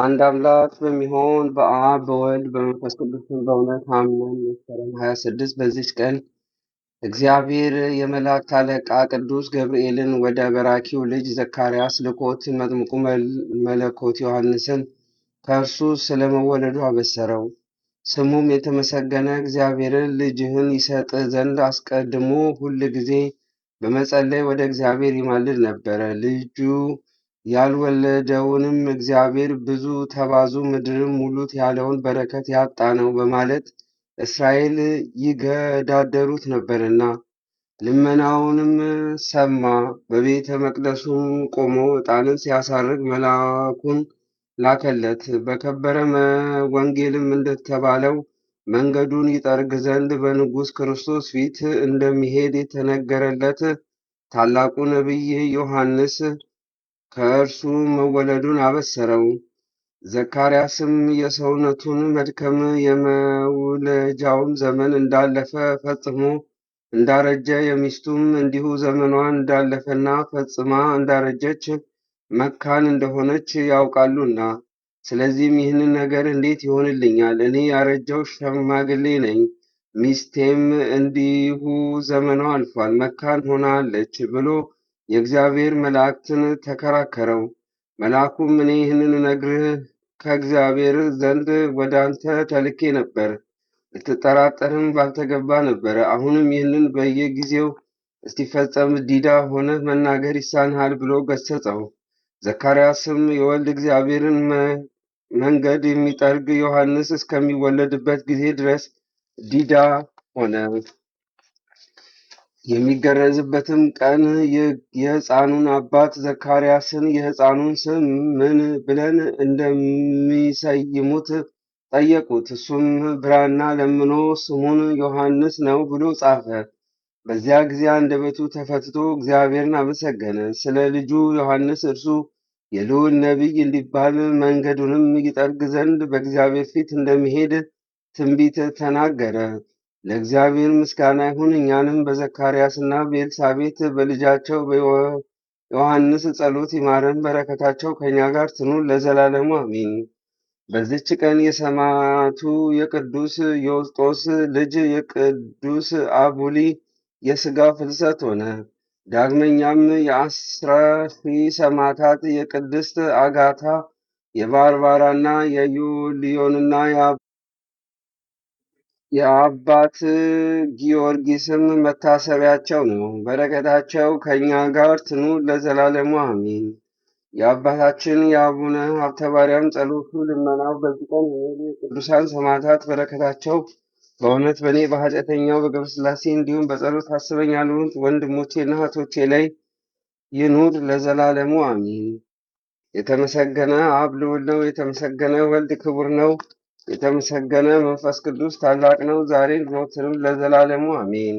አንድ አምላክ በሚሆን በአብ በወልድ በመንፈስ ቅዱስን በእውነት አምነን መስከረም 26 በዚች ቀን እግዚአብሔር የመላእክት አለቃ ቅዱስ ገብርኤልን ወደ በራኪው ልጅ ዘካርያስ ልኮት መጥምቁ መለኮት ዮሐንስን ከእርሱ ስለ መወለዱ አበሰረው። ስሙም የተመሰገነ እግዚአብሔርን ልጅህን ይሰጥ ዘንድ አስቀድሞ ሁል ጊዜ በመጸለይ ወደ እግዚአብሔር ይማልድ ነበረ። ልጁ ያልወለደውንም እግዚአብሔር ብዙ ተባዙ ምድርም ሙሉት ያለውን በረከት ያጣ ነው በማለት እስራኤል ይገዳደሩት ነበርና ልመናውንም ሰማ። በቤተ መቅደሱም ቆሞ ዕጣንን ሲያሳርግ መልአኩን ላከለት። በከበረ ወንጌልም እንደተባለው መንገዱን ይጠርግ ዘንድ በንጉሥ ክርስቶስ ፊት እንደሚሄድ የተነገረለት ታላቁ ነቢይ ዮሐንስ ከእርሱ መወለዱን አበሰረው። ዘካርያስም የሰውነቱን መድከም የመውለጃውም ዘመን እንዳለፈ ፈጽሞ እንዳረጀ የሚስቱም እንዲሁ ዘመኗን እንዳለፈና ፈጽማ እንዳረጀች መካን እንደሆነች ያውቃሉና፣ ስለዚህም ይህንን ነገር እንዴት ይሆንልኛል? እኔ ያረጀው ሸማግሌ ነኝ፣ ሚስቴም እንዲሁ ዘመኗ አልፏል፣ መካን ሆናለች ብሎ የእግዚአብሔር መላእክትን ተከራከረው። መልአኩም እኔ ይህንን ነግርህ ከእግዚአብሔር ዘንድ ወደ አንተ ተልኬ ነበር፣ ልትጠራጠርም ባልተገባ ነበረ። አሁንም ይህንን በየጊዜው እስቲፈጸም ዲዳ ሆነ መናገር ይሳንሃል ብሎ ገሰጸው። ዘካርያስም የወልድ እግዚአብሔርን መንገድ የሚጠርግ ዮሐንስ እስከሚወለድበት ጊዜ ድረስ ዲዳ ሆነ። የሚገረዝበትም ቀን የሕፃኑን አባት ዘካርያስን የሕፃኑን ስም ምን ብለን እንደሚሰይሙት ጠየቁት። እሱም ብራና ለምኖ ስሙን ዮሐንስ ነው ብሎ ጻፈ። በዚያ ጊዜ አንደበቱ ተፈትቶ እግዚአብሔርን አመሰገነ። ስለ ልጁ ዮሐንስ እርሱ የልዑል ነቢይ እንዲባል መንገዱንም ይጠርግ ዘንድ በእግዚአብሔር ፊት እንደሚሄድ ትንቢት ተናገረ። ለእግዚአብሔር ምስጋና ይሁን። እኛንም እና በኤልሳቤት በልጃቸው በዮሐንስ ጸሎት ይማረን። በረከታቸው ከእኛ ጋር ትኑር ለዘላለሙ አሜን። በዚች ቀን የሰማዕቱ የቅዱስ ዮስጦስ ልጅ የቅዱስ አቡሊ የስጋ ፍልሰት ሆነ። ዳግመኛም የአስራ ሺህ ሰማዕታት የቅድስት አጋታ የባርባራና የዩሊዮንና የአባት ጊዮርጊስም መታሰቢያቸው ነው። በረከታቸው ከእኛ ጋር ትኑር ለዘላለሙ አሜን። የአባታችን የአቡነ ሀብተ ማርያም ጸሎቱ፣ ልመናው በዚህ ቀን የቅዱሳን ሰማዕታት በረከታቸው በእውነት በእኔ በኃጢአተኛው በገብረ ሥላሴ እንዲሁም በጸሎት አስበኝ ያሉት ወንድሞቼና እህቶቼ ላይ ይኑር ለዘላለሙ አሜን። የተመሰገነ አብ ልዑል ነው። የተመሰገነ ወልድ ክቡር ነው። የተመሰገነ መንፈስ ቅዱስ ታላቅ ነው፣ ዛሬ ሞትንም ለዘላለሙ አሜን።